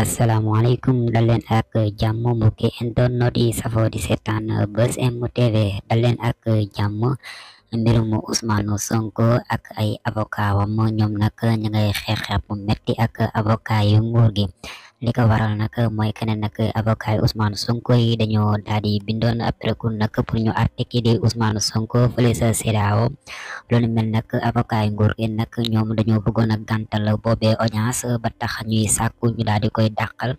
asalaamaaleykum dal leen ak jàmm mbokki internet yi safoo di setaan Buzz M TV dal leen ak jàmm mbirum Ousmane Sonko ak ay avocat wam ñoom nag ñu ngay xeex bu metti ak avocat yu nguur gi li ko waral nag mooy que ne nag avocat yi Ousmane Sonko yi dañoo daal di bindoon ab recours nag pour ñu àtte kii di Ousmane Sonko fële sa CEDEAO loolu mel nag avocat yi nguur gi nag ñoom dañoo bëggoon a gàntal boobee audience ba tax ñuy sàkku ñu daal di koy dàqal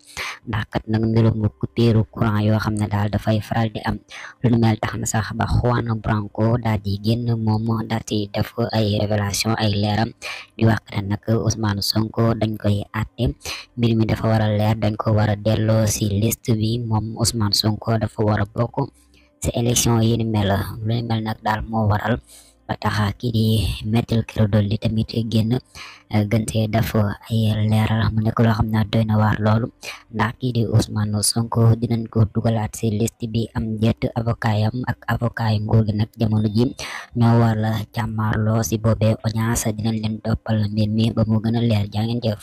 ndax kat nag mbirum coupure courant yoo xam ne daal dafay faral di am lu nu mel tax na sax ba Juan Branco daal di génn moom daal di ay révélation ay leeram di wax kat nag Ousmane Sonko dañ koy àtte mbir mi dafa war a leer dañ ko war a delloo si liste bi moom Ousmane Sonko dafa war a bokk si élection yi ni mel lu ni mel nag daal moo waral. ba taxa kii di Maître Ciré Dolly tamit génn eh, gën see def ay leer mu nekk loo xam ne doy na waar loolu ndax kii di Ousmane Sonko dinañ ko dugalaat si liste bi am jet avocat yam ak avocat yi nguur nag jamono ji ñoo war la jàmmaarloo si boobee audience dinañ leen toppal mbir mi ba mu gën a leer jaa ngeen